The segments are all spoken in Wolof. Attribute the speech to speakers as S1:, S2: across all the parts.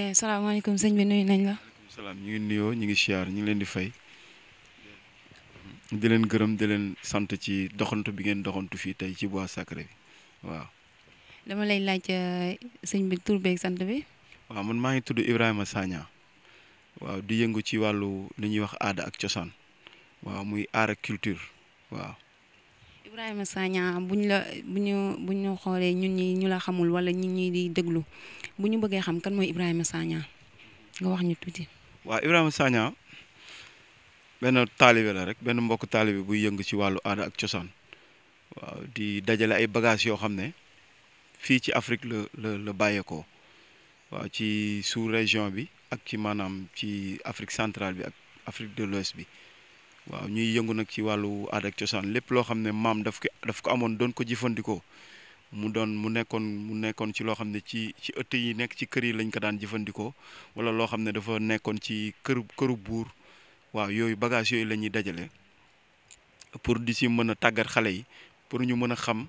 S1: ok salaamaaleykum sëñ bi nuyu nañ la.
S2: salaam ñu ngi nuyoo ñu ngi siyaar ñu ngi leen di fay. di leen gërëm di leen sant ci doxantu bi ngeen doxantu fii tey ci bois sacré bi waaw.
S1: dama lay laaj euh, sëñ bi tur beeg sant bi.
S2: waaw man maa ngi tudd Ibrahima Sagna waaw di yëngu ci wàllu li ñuy wax aada ak cosaan waaw muy aar ak culture waaw.
S1: Ibrahima Sagna buñ la buñu buñu xolé ñun ñi ñu la xamul wala ñi ñi di déglu buñu bëggé xam kan moy Ibrahima Sagna nga wax ñu tuti
S2: wa Ibrahima Sagna ben talibé la rek ben mbokk talibé bu yëng ci walu aada ak ciosan wa di dajalé ay bagage yo xamné fi ci Afrique le le, le bayeko wa ci sous région bi ak ci manam ci Afrique centrale bi ak Afrique de l'Ouest bi waaw ñuy yëngu nag ci wàllu aada ak cosaan lépp loo xam ne maam daf ko daf ko amoon doon ko jëfandikoo mu doon mu nekkoon mu nekkoon ci loo xam ne ci ci ëtt yi nekk ci kër yi lañ ko daan jëfandikoo wala loo xam ne dafa nekkoon ci këru këru buur waaw yooyu bagage yooyu la ñuy dajale pour di si mën a tàggat xale yi pour ñu mën a xam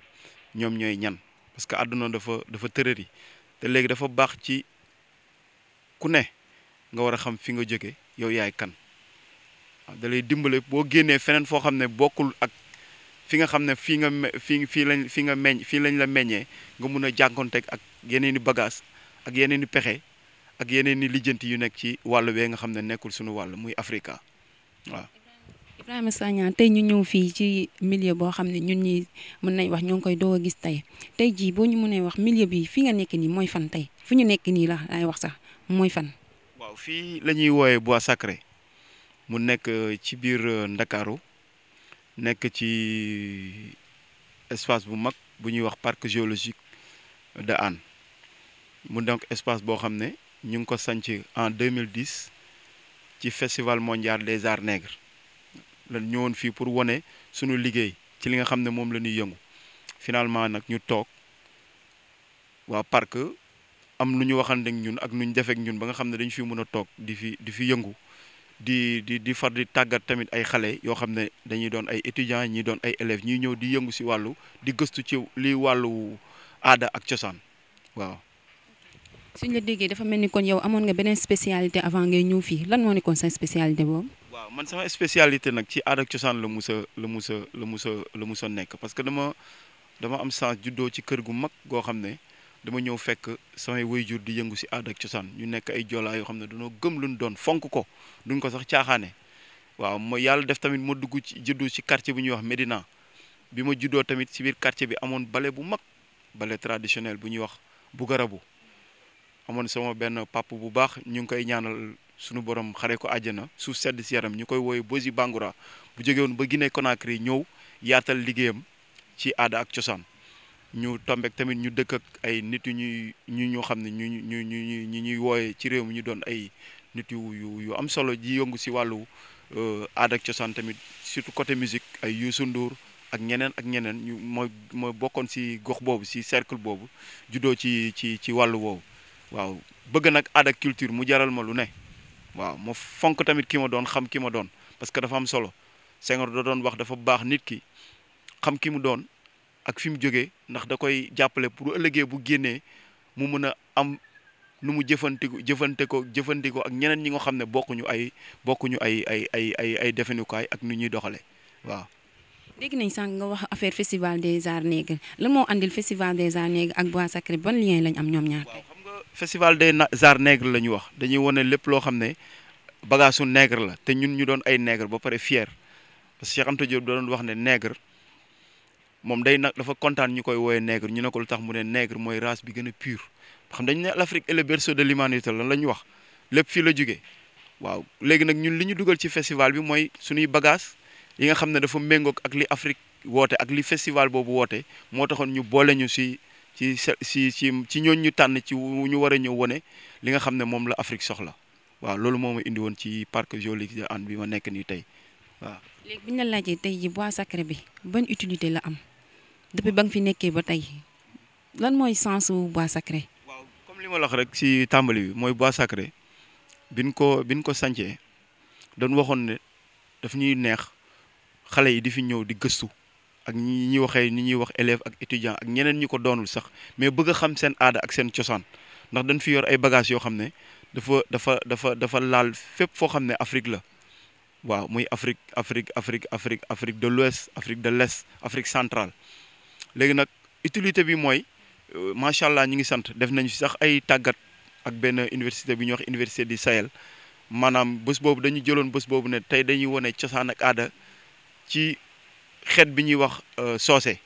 S2: ñoom ñooy ñan parce que àdduna dafa dafa tërëri te léegi dafa baax ci ku ne nga war a xam fi nga jóge yow yaay kan da lay dimbale boo génnee feneen foo xam ne bokkul ak fi nga xam ne fii nga fii fii lañ fi nga meññ fii lañ la meññee nga mun a jànkonteeg ak yeneen i bagage ak yeneen i pexe ak yeneen i lijjanti yu nekk ci wàll bee nga xam ne suñu wàll muy Africa waaw.
S1: Ibrahima Sagna tey ñu ñëw fii ci milieu boo xam ne ñun ñi mën nañ wax ñoo ngi koy doog a gis tay. tey jii boo ñu mënee wax milieu bi fi nga nekk nii mooy fan tay, fu ñu nekk nii la laay wax sax mooy fan.
S2: waaw fii la ñuy wooyee bois sacré. mu nekk euh, ci biir euh, Ndakaaru nekk ci euh, espace bu mag bu ñuy wax parc géologique de Hann mu donc espace boo xam ne ñu ngi ko sanc en 2010 ci festival mondial des arts nègres la ñëwoon fii pour wane sunu liggéey ci li nga xam ne moom la ñuy yëngu finalement nag ñu toog waa parc am lu ñu waxante ak ñun ak ñu defek ñun ba nga xam ne dañu fi mën a toog di fi di fi yëngu di di di far di tàggat tamit ay xale yoo xam ne dañuy doon ay étudiants ñi doon ay élèves ñuy ñëw di yëngu si wàllu di gëstu ci li wàllu aada ak cosaan waaw.
S1: suñ la déggee dafa mel ni kon yow amoon nga beneen spécialité avant ngay ñëw fii lan moo nekkoon sa spécialité boobu.
S2: waaw man sama spécialité nag ci aada ak cosaan la musa la musa la musa la musa nekk parce que dama dama am chance juddoo ci kër gu mag goo xam ne. dama ñëw fekk samay jur di yëngu si aada ak cosaan ñu nekk ay joolaa yoo xam ne dañoo gëm luñ doon fonk ko duñ ko sax caaxaane waaw ma yàlla def tamit ma dugg ci juddu si quartier bu ñuy wax Médina bi ma juddoo tamit si biir quartier bi amoon bale bu mag bale traditionnel bu ñuy wax bu garabu amoon sama benn pap bu baax ñu ngi koy ñaanal sunu borom xare ko àjjana suuf sedd si yaram ñu koy wooye Bosi Bangoura bu jógewoon ba Guinée Conakry ñëw yaatal liggéeyam ci aada ak cosaan ñu tombeek tamit ñu dëkk ak ay nit yu ñuy ñu ñoo xam ne ñu ñu ñu ñu ñuy wooyee ci réew mi ñu doon ay nit yu yu am solo ji yongu si wàllu euh, aada ak cosaan tamit surtout côté musique ay Youssou Ndour ak ñeneen ak ñeneen ñu mooy mooy bokkoon si gox boobu si cercle boobu juddoo ci ci ci wàllu woowu waaw bëgg nag aada ak culture mu jaral ma lu ne waaw ma fonk tamit ki ma doon xam ki ma doon parce que dafa am solo Senghor da doon wax dafa baax nit ki xam ki mu doon ak fi mu jógee ndax da koy jàppale pour ëllëgee bu génnee mu mën a am nu mu jëfandiku jëfante jëfandikoo ak ñeneen ñi nga xam ne bokkuñu ay bokkuñu ay ay ay ay ay defenukaay ak nu ñuy doxale waaw.
S1: dégg nañ sànq nga wax affaire festival des arts nègres la moo andil festival des arts nègres ak bois sacré ban lañ am ñoom ñaar. waaw xam
S2: nga festival des arts la ñu wax dañuy wane lépp loo xam ne bagage su nègre la te ñun ñu doon ay nègre ba pare fier parce que Cheikh Anta Diop doon wax ne nègre moom day nag dafa kontaan ñu koy wooyee nègre ñu ne ko lu tax mu ne nègre mooy race bi gën a pure xam dañ ne l'Afrique est le de l'humanité lan la ñu wax lépp fii la jógee waaw léegi nag ñun li ñu dugal ci festival bi mooy suñuy bagage yi nga xam ne dafa méngoog ak li Afrique woote ak li festival boobu woote moo taxoon ñu boole ñu si ci si ci ci ñooñ ñu tànn ci ñu war a ñëw wone li nga xam ne moom la Afrique soxla waaw loolu moom ma indi woon ci parc géologique de Hann bi ma nekk nii tey waaw.
S1: léegi bu ñu la am. depuis que fi ba lan sens bois sacré.
S2: comme je wax rek ci bois sacré ko ko ne daf ñuy neex yi di fi di élèves étudiants ak ñi ko sax mais bëgg a xam seen aada ak seen ndax dañ fi yor ay bagages yo dafa dafa dafa dafa laal Afrique la. Afrique Afrique de l'Ouest Afrique de l'Est Afrique centrale léegi nag utilité bi mooy euh, macha allah ñu ngi sant def nañu fi sax ay tàggat ak benn université bi ñuy wax université di Sahel maanaam bës boobu dañu jëloon bés boobu ne tey dañuy wane cosaan ak aada ci xeet bi ñuy wax euh, soose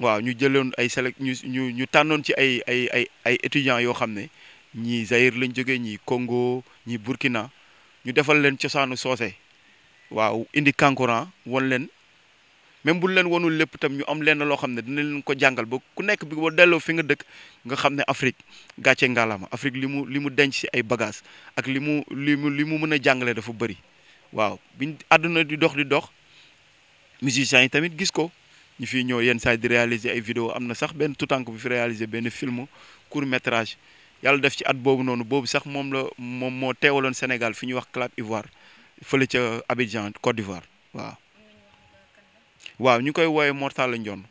S2: waaw ñu jëloon ay select ñu ñu tànnoon ci ay ay ay ay étudiants yoo xam ne ñii Zaïre lañ jógee ñii Congo ñii Burkina ñu defal leen cosaanu soose waaw indi kankuran won leen même bu leen wonul lépp itam ñu am lenn loo xam ne dina leen ko jàngal ba ku nekk bi ba delloo fi nga dëkk nga xam ne Afrique gàcce ngalaama Afrique li mu li mu denc si ay bagages ak li mu li mu li mu mën a jàngale dafa bëri waaw biñ àdduna di dox di dox musiciens yi tamit gis ko ñu fiy ñëw yenn saa di réaliser ay vidéo am na sax benn tutank bi fi réaliser benn film court métrage yàlla def ci at boobu noonu boobu sax moom la moom moo teewaloon Sénégal fi ñuy wax Clap Ivoire fële ca Abidjan Côte waaw ñu koy woowee Mor Talla Ndione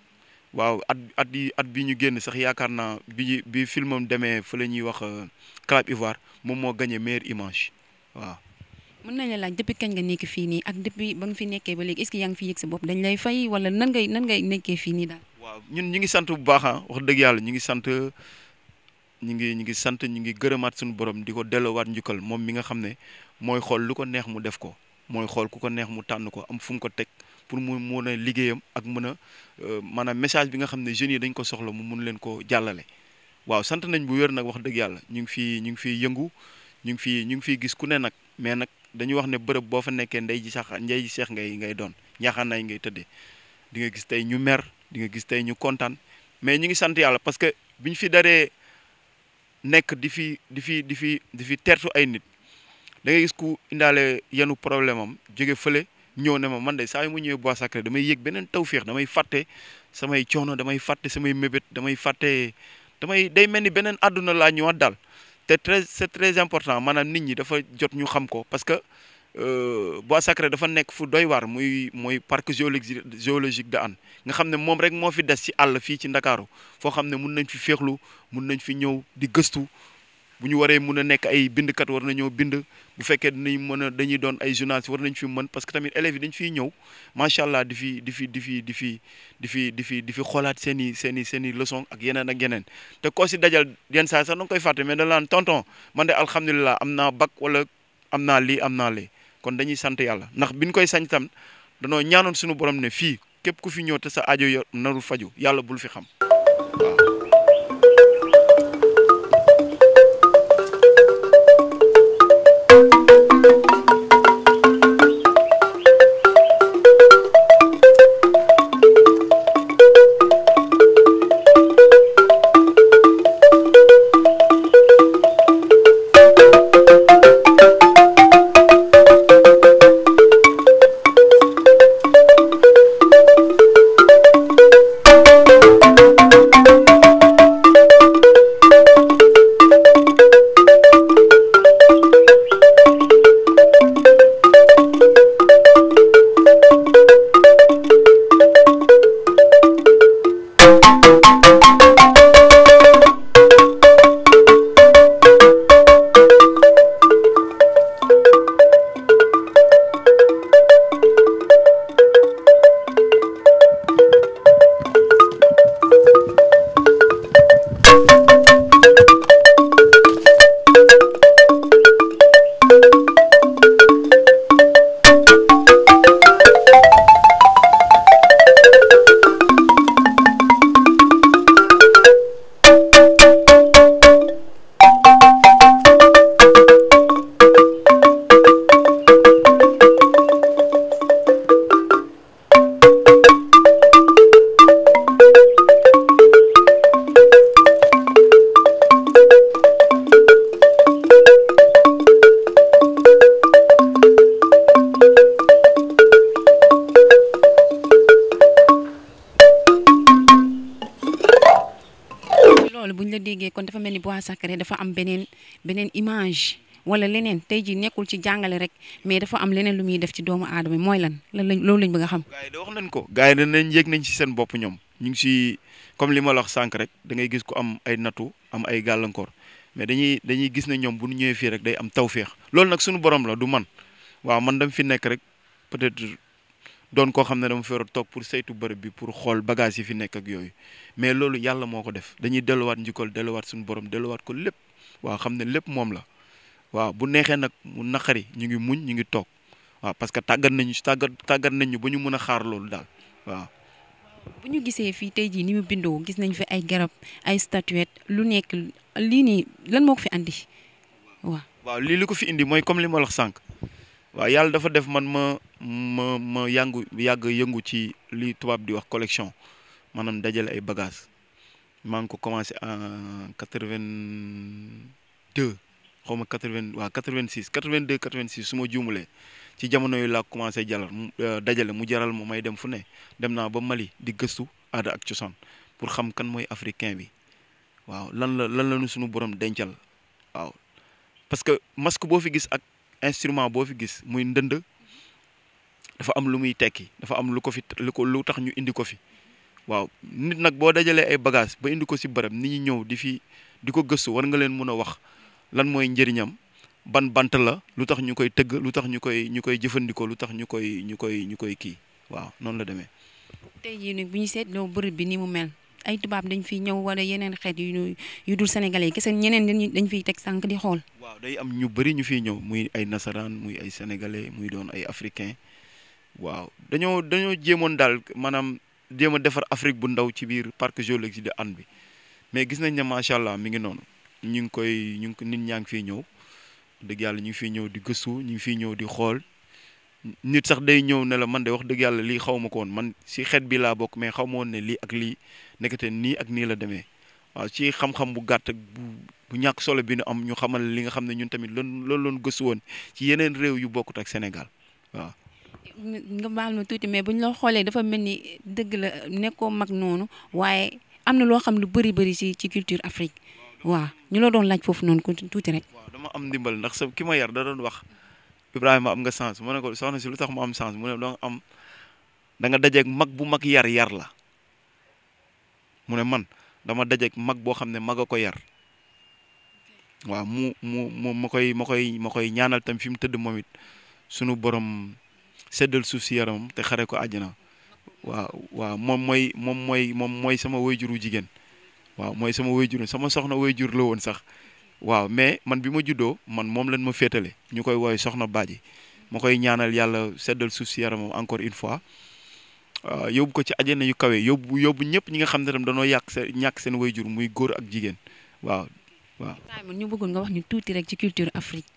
S2: waaw at at yi at bi ñu génn sax yaakaar naa bi bi filmam demee fa la ñuy wax euh, Clap Ivoire moom moo gagné meilleure image waaw.
S1: mën nañ la laaj depuis kañ nga nekk fii nii ak depuis ba nga fi nekkee ba léegi est-ce que yaa ngi fi yëg sa bopp dañ lay fay wala nan ngay nan ngay nekkee fii nii daal.
S2: waaw ñun ñu ngi sant bu baax ah wax dëgg yàlla ñu ngi sant ñu ngi ñu ngi sant ñu ngi gërëmaat suñu borom di ko delloowaat njukkal moom mi nga xam ne mooy xool lu ko neex mu def ko mooy xool ku ko neex mu tànn ko am fu mu ko teg pour mu mën a liggéeyam ak mën a euh, maanaam message bi nga xam ne jeunes yi dañ ko soxla mu mun leen ko jàllale waaw sant nañ bu wér nag wax dëgg yàlla ñu ngi fii ñu ngi fiy yëngu ñu ngi fii ñu ngi fiy gis ku ne nag mais nag dañuy wax ne bërëb boo fa nekkee ndey ji sax ndey ji seex ngay ngay doon ñaaxaanaay ngay tëddee di nga gis tey ñu mer di nga gis tey ñu kontaan mais ñu ngi sant yàlla parce que bi ñu fi daree nekk di fi di fi di fi di fi tertu ay nit da gis ku indaale yenu problème am jóge fële ñëw ne ma man de saa yu ma ñëwee bois sacré damay yëg beneen tawféex damay fàtte samay coono damay fàtte samay mébét damay fàtte damay day mel ni beneen àdduna laa ñëwaat daal te très c'est très important maanaam nit ñi dafa jot ñu xam ko parce que euh, bois sacré dafa nekk fu doy waar muy mooy parc géologique géologique de Hann nga xam ne moom rek moo fi des ci àll fii ci Ndakaaru foo xam ne mun nañ fi féexlu mun nañ fi ñëw di gëstu bu ñu waree mun a nekk ay bind bindkat war nañoo bind bu fekkee dinañ mën a dañuy doon ay journaliste war nañ fi mën parce que tamit élèves yi dañ fiy ñëw macha allah di fi di fi di fi di fi di fi di fi di fi xoolaat seen i seen i seen i ak yeneen ak yeneen te koo si dajal yenn saa sax da koy fàtte mais da laan tonton man de alhamdulilah am naa bag wala am naa lii am naa lii kon dañuy sant yàlla ndax biñ koy sañ tam danoo ñaanoon suñu borom ne fii képp ku fi ñëw te sa ajo yor narul faju yàlla bul fi xam
S1: Touba Sacré dafa am beneen beneen image wala leneen tey jii nekkul ci jàngale rek mais dafa am leneen lu muy def ci doomu yi mooy lan lan lañ loolu lañ bëgg a xam. gars yi
S2: da wax nañ ko gars nañ ci seen bopp ñoom ñu ngi si comme li ma la wax sànq rek da ngay gis ko am ay nattu am ay gàllankoor mais dañuy dañuy gis ne ñoom bu nu ñëwee fii rek day am tawféex loolu nag suñu borom la du man waaw man dam fi nekk rek Don ko xamne dama feeru tok pour seytu bërëb bi pour xol bagage yi fi nek ak yoy mais loolu yalla moko def dañuy njikol delu wat sun borom wat ko lepp wa xamne lepp mom la wa bu nexé nak mu naqari ñu ngi muñ ñu ngi tok wa parce que tagal nañu tagal tagal nañu bu ñu mëna xaar loolu dal wa
S1: bu ñu gisé fi tay ji ni mu bindoo gis nañ fi ay garab ay statuette lu nek li ni lan moko fi andi wa
S2: wa li ko fi indi moy comme li mo wax sank wa yalla dafa def man ma ma ma yàngu yag yëngu ci li tubaab di wax collection maanaam dajale ay bagage maa ngi ko commencé en 82 xawma 80 xaw 86 82 86 su ma juumulee ci jamono yu laa commencé jalal euh, dajale mu jaral ma may dem fu ne dem naa ba Mali di gëstu ada ak cosaan pour xam kan mooy africain bi waaw lan la lan la ñu suñu borom dencal waaw parce que masque boo fi gis ak instrument boo fi gis muy ndënd. dafa am lu muy tekki dafa am lu ko fi lu ko lu tax ñu indi ko fi waaw nit nag boo dajalee ay bagages ba indi ko si barab nit ñu ñëw di fi di ko gëstu war nga leen mun a wax lan mooy njëriñam ban bant la lu tax ñu koy tëgg lu tax ñu koy ñu koy jëfandikoo lu tax ñu koy ñu koy ñu koy kii waaw noonu la demee.
S1: tey jii nag bu ñu seetloo bari bi nii mu mel ay tubaab dañ fi ñëw wala yeneen xeet yu yu dul sénégalais kese ñeneen dañ dañ fiy teg sànq di xool.
S2: waaw day am ñu bëri ñu fiy ñëw muy ay nasaraan muy ay sénégalais muy doon ay africain waaw dañoo dañoo jéemoon daal maanaam jéem a defar Afrique bu ndaw ci biir parc géologique de Hann bi mais gis nañ ne macha allah mi ngi noonu ñu ngi koy ñu nit ñaa ngi fiy ñëw dëgg yàlla ñu ngi fiy ñëw di gëstu ñu ngi ñëw di xool nit sax day ñëw ne la man de wax dëgg yàlla lii xawma ma man si xeet bi laa bokk mais xaw ma woon ne lii ak lii nekkate nii ak nii la demee waaw ci xam-xam bu gàtt bu bu ñàkk solo bi nu am ñu xamal li nga xam ne ñun tamit loolu loolu gëstu woon ci yeneen réew yu bokkut ak Sénégal
S1: nga baal ma tuuti mais bu ñu la xoolee dafa mel ni dëgg la nekkoo mag noonu waaye am na loo xam lu bëri bari ci ci culture Afrique waaw ñu la doon laaj foofu noonu ko tuuti rek.
S2: waaw dama am ndimbal ndax sa ki ma yar da doon wax Ibrahima am nga sens mu ne ko soxna lu tax mu am sens doo am nga dajeeg mag bu mag yar yar la mu ne man dama dajeeg mag boo xam ne mag a ko yar. waaw mu mu mu ma koy ma koy ma ñaanal tam fi mu tëdd moom it sunu borom. seddal suuf si yaramam te xare ko àjjana waaw waaw moom mooy moom mooy moom mooy sama wayjuru jigéen waaw mooy sama wayjuru sama soxna wayjur la woon sax waaw mais man bi ma juddoo man moom lan ma féetale ñu koy woowee soxna Baaji ma koy ñaanal yàlla seddal suuf si yaramam encore une fois ah, yóbbu ko ci àjjana yu kawe yóbbu yóbbu ñëpp ñi nga xam ne tam danoo yàq seen ñàkk seen wayjur muy góor ak jigéen waaw waaw.
S1: ñu bëggoon nga wax ñu tuuti rek ci culture Afrique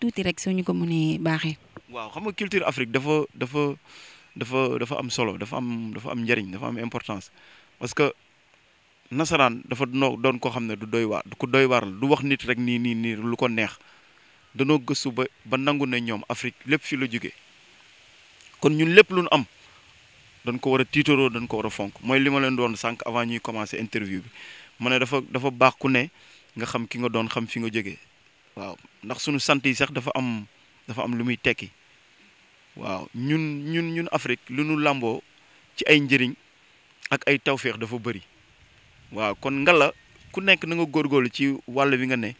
S2: waaw xam nga culture Afrique dafa dafa dafa dafa am solo dafa am dafa am njëriñ dafa am importance parce que nasaraan dafa noo doon koo xam ne du doy waar ku doy waar du wax nit rek nii nii nii lu ko neex danoo gëstu ba ba nangu ne ñoom Afrique lépp fi la jóge kon ñun lépp lu am dañ ko war a tiitaroo dañ ko war a fonk mooy li ma leen doon sànq avant ñuy commencer interview bi ma ne dafa dafa baax ku ne nga xam ki nga doon xam fi nga jóge waaw ndax suñu sant yi sax dafa am dafa am lu muy tekki waaw ñun ñun ñun Afrique lu nu làmboo ci ay njëriñ ak ay tawféex dafa bëri waaw kon ngala ku nekk na góor góorgóorlu ci wàll bi nga ne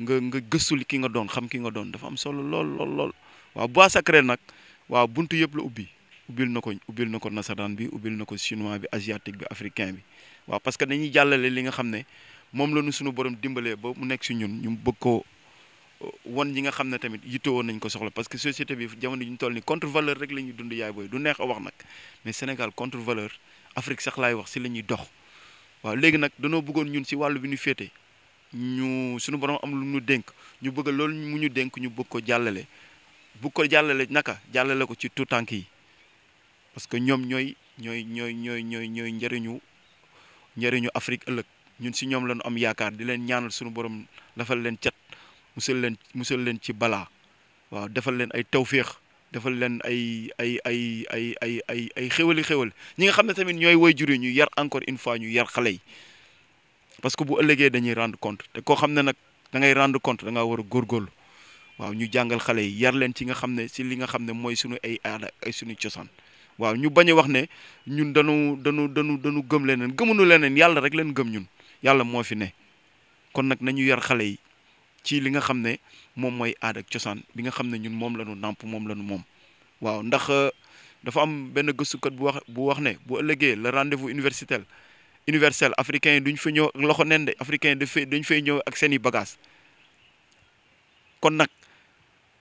S2: nga nga gëstul ki nga doon xam ki nga doon dafa am solo lool lool waaw bois sacré nag waaw bunt yëpp la ubbi ubbil na ko ubbil na ko nasaraan bi ubbil na ko chinois bi asiatique bi africain bi waaw parce que dañuy jàllale li nga xam ne moom la ñu suñu borom dimbalee ba mu nekk si ñun ñu bëgg ko wan ñi nga xam ne tamit yittoo woon nañ ko soxla parce que société bi jamono ji ñu toll ni contre valeur rek la ñuy dund yaay booy du neex a wax nag mais Sénégal contre valeur Afrique sax laay wax si la ñuy dox waaw léegi nag danoo bëggoon ñun si wàllu bi ñu féete ñu suñu boroom am lu ñu dénk ñu bëgg loolu mu ñu dénk ñu bëgg ko jàllale bëgg ko jàllale naka jàllale ko ci tout tànk yi parce que ñoom ñooy ñooy ñooy ñooy ñooy ñooy njëriñu njëriñu Afrique ëllëg ñun si ñoom lañu am yaakaar di leen ñaanal suñu borom dafal leen cat musal leen musal leen ci balaa waaw defal leen ay tawféex defal leen ay ay ay ay ay ay ay xéwali xéwal ñi nga xam ne tamit ñooy way juri ñu yar encore une fois ñu yar xale yi parce que bu ëllëgee dañuy rendre compte te koo xam ne nag da ngay compte da ngaa war a góorgóorlu waaw ñu jàngal xale yi yar leen ci nga xam ne si li nga xam ne mooy suñu ay aada ay suñu cosaan waaw ñu bañ a wax ne ñun dañu dañu dañu dañu gëm leneen gëmuñu leneen yàlla rek leen gëm ñun yàlla moo fi ne kon nag nañu yar xale yi ci li nga xam ne moom mooy aada ak cosaan bi nga xam ne ñun moom la nàmp moom lanu moom waaw ndax euh, dafa am benn gëstukat bu wax bu wax ne bu ëllëgee la rendez-vous universitaire universel africain yi duñ fa ñëw ak loxo nen africain yi dafay dañ fay ñëw ak seen i kon nag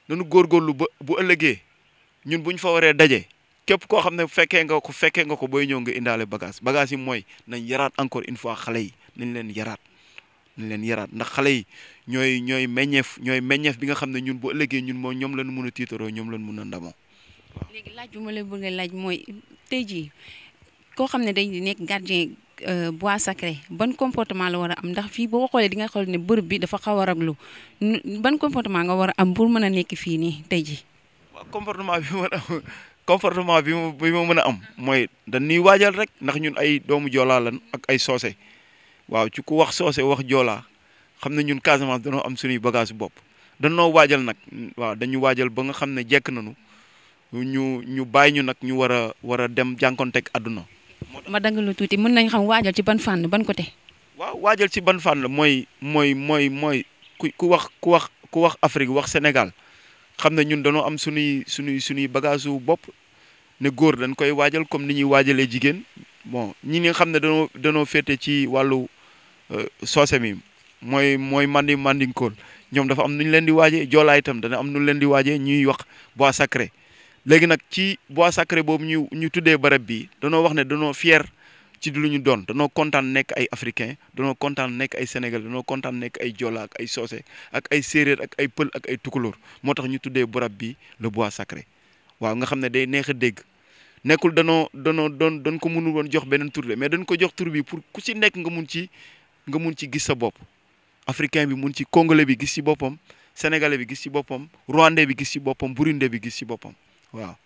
S2: dañu góorgóorlu ba bu ëllëgee ñun bu ñu fa waree daje képp koo xam ne fekkee nga ko fekkee nga ko booy ñëw nga indaale bagage bagage yi mooy nañ yaraat encore une fois xale yi nañ leen yaraat nañ leen yaraat ndax xale yi ñooy ñooy meññeef ñooy meññeef bi nga xam ne ñun bu ëllëgee ñun moom ñoom lañ mun a tiitaroo ñoom lañ mun a ndamoo.
S1: léegi laaj bu ma la bëgg a laaj mooy tey jii koo xam ne day nekk gardien euh, bois sacré ban comportement la war a am ndax fii boo xoolee di nga xool ne bërëb bi dafa xaw a raglu ban comportement nga war a am pour mën a nekk fii nii tey jii.
S2: waaw comportement bi ma comportement mën a am mooy dañuy waajal rek ndax ñun ay doomu joolaa lan ak ay soose. waaw ci ku wax soose wax joolaa xam ne ñun Casamance danoo am sunuy bagage bopp danoo waajal nag waaw dañu waajal ba nga xam ne jekk nañu ñu ñu bàyyi ñu nag ñu war a war a dem jànkonteeg àdduna.
S1: ma dangalu tuuti mën nañ xam waajal ci ban fànn ban côté.
S2: waaw waajal ci ban fànn la mooy mooy mooy mooy ku ku wax ku wax ku wax Afrique wax Sénégal xam ne ñun danoo am suñuy suñuy suñuy bagage wu bopp ne góor dañ koy waajal comme ni ñuy waajalee jigéen bon ñi nga xam ne danoo danoo ci wàllu. Euh, soose mi mooy mooy mandi mandinkool ñoom dafa am nu ñu leen di waajee joolaa itam dana am nu leen di waajee ñuy wax bois sacré léegi nag ci bois sacré boobu ñu ñu tuddee barab bi danoo wax ne danoo fier ci lu ñu doon danoo kontaan nekk ay africain danoo kontaan nekk ay sénégal danoo kontaan nekk ay jola ay soose ak ay séeréer ak ay pël ak ay tukulóor moo tax ñu tuddee barab bi le bois sacré waaw nga xam ne day neex dégg nekkul danoo danoo doon dañ ko mënul woon jox beneen tur mais dañ ko jox tour bi pour ku ci nekk nga mun ci nga mën ci gis sa bopp africain bi mën ci congolais bi gis ci boppam sénégalais bi gis ci boppam rwandais bi gis ci boppam burundais bi gis ci boppam waaw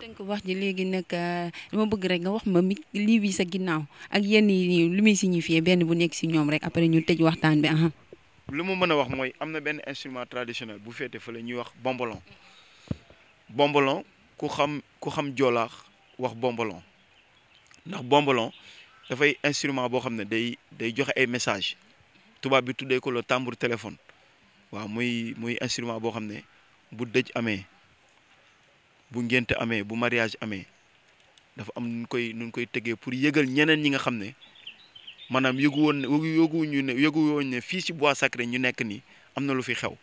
S1: tënk wax ji léegi nag euh, dama bëgg rek nga wax ma mi lii wi sa ginnaaw ak yenn yi lu muy signifié benn bu nekk si ñoom rek après ñu tëj waxtaan bi aha
S2: lu ma mën a wax mooy am na benn instrument traditionnel bu féete fa la ñuy wax bombolon bombolon ku xam ku xam joolaax wax bombolon ndax bombolon dafay instrument boo xam ne day day joxe ay message tubaab bi tuddee ko le tambour téléphone waaw muy muy instrument boo xam ne bu dëj amee bu ngénte amee bu mariage amee dafa am nun koy nun koy tegee pour yëgal ñeneen ñi nga xam ne maanaam yëgu woon yëgu ñu yëgu woon ne fii ci bois sacré ñu nekk nii am na lu fi xew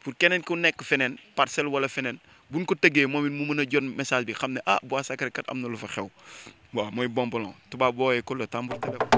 S2: pour keneen ku nekk feneen parcelle wala feneen bu buñ ko tegee moom it mu mën a jot message bi xam ne ah bois sacré kat am na lu fa xew waaw mooy bon plan tubaab booyee ko la tambour téléphone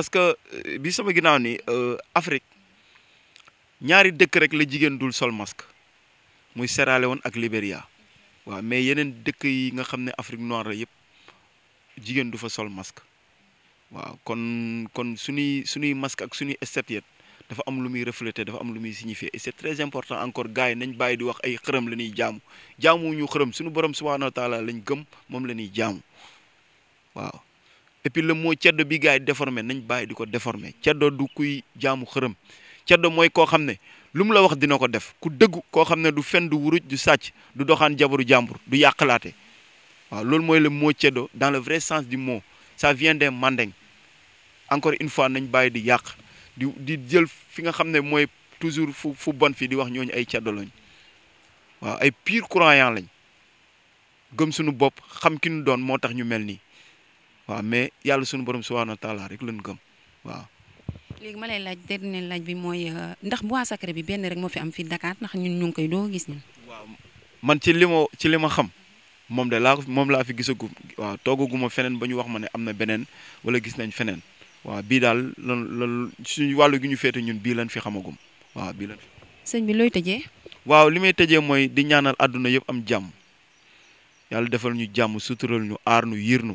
S2: parce que euh, bi sama ginnaaw ni euh, Afrique ñaari dëkk rek la jigéen dul sol masque muy Sierra Leone ak liberia wa mais yeneen dëkk yi nga xam Afrique noire du fa sol masque wa kon kon suni suni masque ak suñuy esthétique dafa am lu muy refléter dafa am lu muy signifier et c'est très important encore gars yi nañ bàyyi di wax ay xërëm la ñuy jaamu jaamu ñu xërëm suñu borom subhanahu wa taala lañ gëm et puis le mot ceddo bi gaay yi déformé nañ bàyyi diko ko déformé ceddo du kuy jaamu xërem ceddo moy ko xamné Lum la wax dina ko def ku deug ko xamné du fen du wuruj du sàcc du doxane jabaru du yakalaté waaw lool moy le mot ceddo dans le vrai sens du mot ça vient des mandeng encore une fois nañ bàyyi di yak. di di jël fi nga xamné moy toujours fu fu bon fi di wax ñoñ ay ceddo lañ waaw ay pur croyant lañ gëm suñu bop xam ki ñu doon motax ñu melni waaw mais yàlla suñu borom subhaanahu wa taala rek lañ gëm waaw.
S1: léegi ma lay laaj ne laaj bi mooy euh, ndax bois sacré bi benn rek moo fi am fii Dakar ndax ñun ñu ngi koy doo gis ñun. waaw
S2: man ci li ma ci li ma xam moom de laa moom laa fi gisagu waaw toogaguma feneen ba ñu wax ma ne am na beneen wala gis nañ feneen waaw bii daal lan lan suñu gi ñu féete ñun bii lañ fi xamagum waaw bii lañ fi.
S1: sëñ bi looy tëjee.
S2: waaw li may tëjee mooy di ñaanal àdduna yëpp am jàmm yàlla defal ñu jàmm sutural ñu aar ñu yiir ñu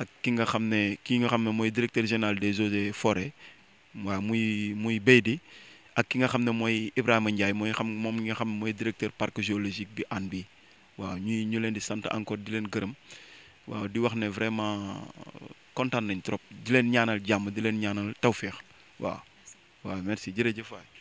S2: ak ki nga xam ne ki nga xam ne mooy directeur général des eaux et forêts muy muy muy di ak ki nga xam ne mooy Ibrahima Ndiaye mooy xam moom mi nga xam mooy directeur parc géologique bi an bi waaw ñuy ñu leen di sant encore di leen gërëm waaw di wax ne vraiment euh, kontaan nañ trop di leen ñaanal jàmm di leen ñaanal tawféex waaw waaw merci jërëjëf waay